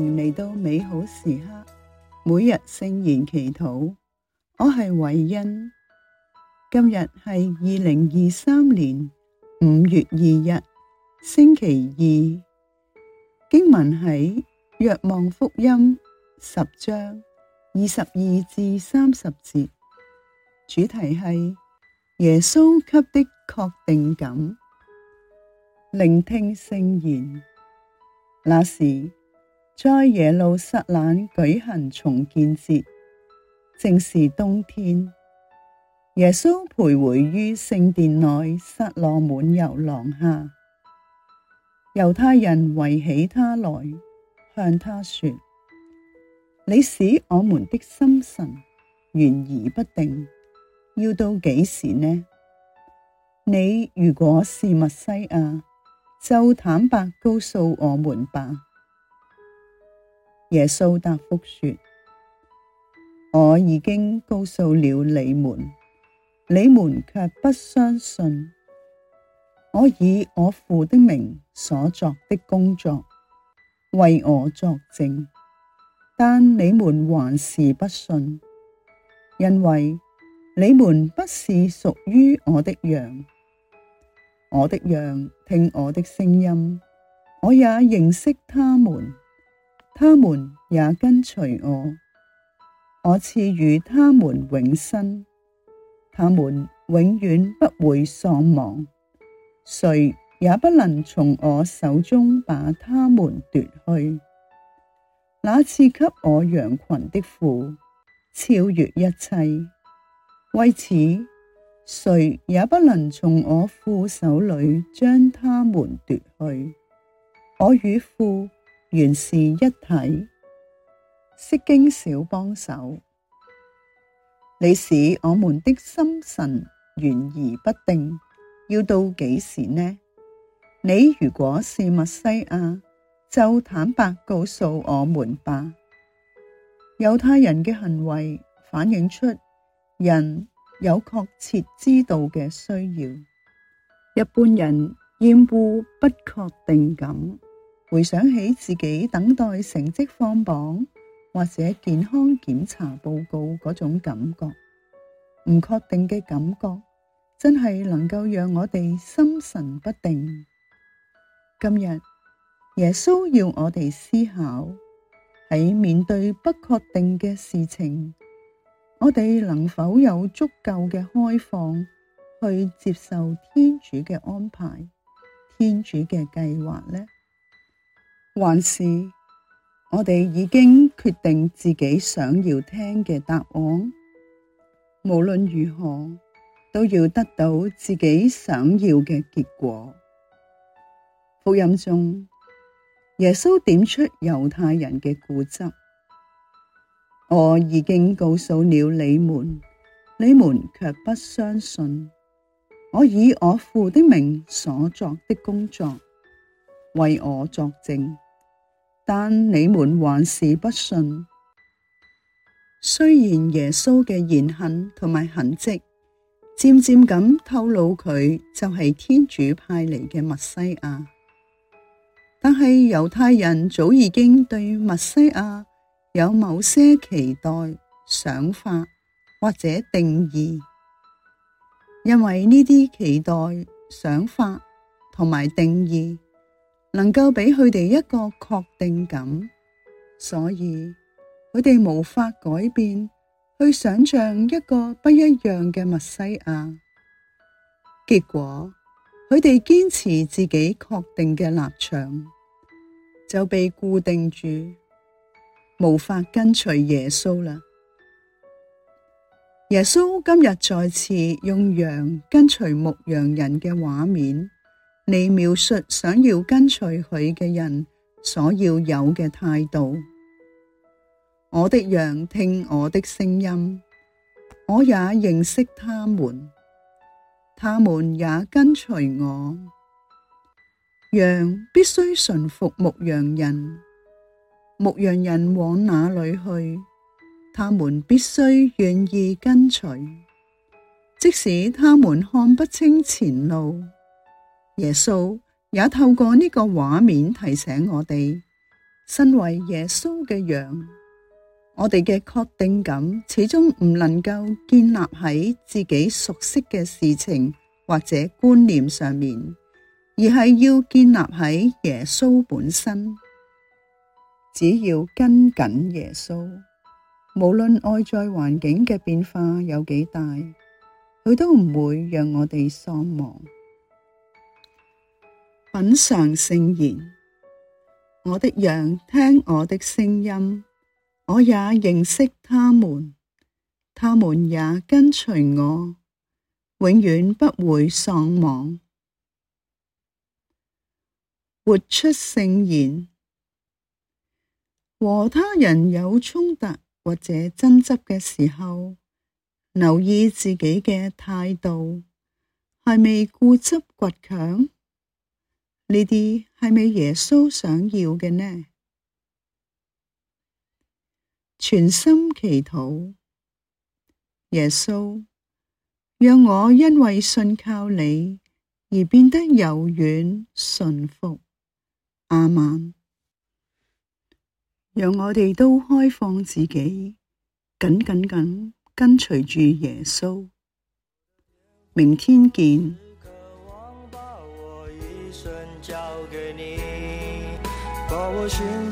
嚟到美好時刻，每日聖言祈禱。我係偉恩，今日係二零二三年五月二日星期二。經文喺《若望福音》十章二十二至三十節，主題係耶穌給的確定感。聆聽聖言，那時。在耶路撒冷舉行重建節，正是冬天。耶穌徘徊於聖殿內，撒羅滿遊廊下。猶太人圍起他來，向他說：你使我們的心神懸疑不定，要到幾時呢？你如果是默西亞，就坦白告訴我們吧。耶穌答覆說：我已經告訴了你們，你們卻不相信。我以我父的名所作的工作，為我作證，但你們還是不信，因為你們不是屬於我的羊，我的羊聽我的聲音，我也認識他們。他們也跟隨我，我賜予他們永生，他們永遠不會喪亡，誰也不能從我手中把他們奪去。那賜給我羊群的父，超越一切，為此誰也不能從我父手裡將他們奪去。我與父原是一體。釋經小幫手，你使我們的心神懸疑不定，要到幾時呢？你如果是默西亞，就坦白告訴我們吧。猶太人嘅行為反映出人有確切知道嘅需要，一般人厭惡不確定感。回想起自己等待成績放榜或者健康檢查報告嗰種感覺，唔確定嘅感覺，真係能夠讓我哋心神不定。今日耶穌要我哋思考喺面對不確定嘅事情，我哋能否有足夠嘅開放去接受天主嘅安排、天主嘅計劃呢？還是我哋已經決定自己想要聽嘅答案，無論如何都要得到自己想要嘅結果。福音中，耶穌點出猶太人嘅固執。我已經告訴了你們，你們卻不相信。我以我父的名所作的工作，為我作證。但你們還是不信。雖然耶穌嘅言行同埋行跡，漸漸咁透露佢就係天主派嚟嘅默西亞，但係猶太人早已經對默西亞有某些期待、想法或者定義，因為呢啲期待、想法同埋定義。能夠俾佢哋一個確定感，所以佢哋無法改變去想象一個不一樣嘅默西亞。結果，佢哋堅持自己確定嘅立場，就被固定住，無法跟隨耶穌啦。耶穌今日再次用羊跟隨牧羊人嘅畫面。你描述想要跟隨佢嘅人所要有嘅態度。我的羊聽我的聲音，我也認識他們，他們也跟隨我。羊必須順服牧羊人，牧羊人往哪裡去，他們必須願意跟隨，即使他們看不清前路。耶穌也透過呢個畫面提醒我哋，身為耶穌嘅羊，我哋嘅確定感始終唔能夠建立喺自己熟悉嘅事情或者觀念上面，而係要建立喺耶穌本身。只要跟緊耶穌，無論外在環境嘅變化有幾大，佢都唔會讓我哋喪亡。品嘗聖言，我的羊聽我的聲音，我也認識他們，他們也跟隨我，永遠不會喪亡。活出聖言，和他人有衝突或者爭執嘅時候，留意自己嘅態度，係咪固執倔強？呢啲係咪耶穌想要嘅呢？全心祈禱，耶穌，讓我因為信靠你而變得柔軟順服。阿們，讓我哋都開放自己，緊緊緊跟隨住耶穌。明天見。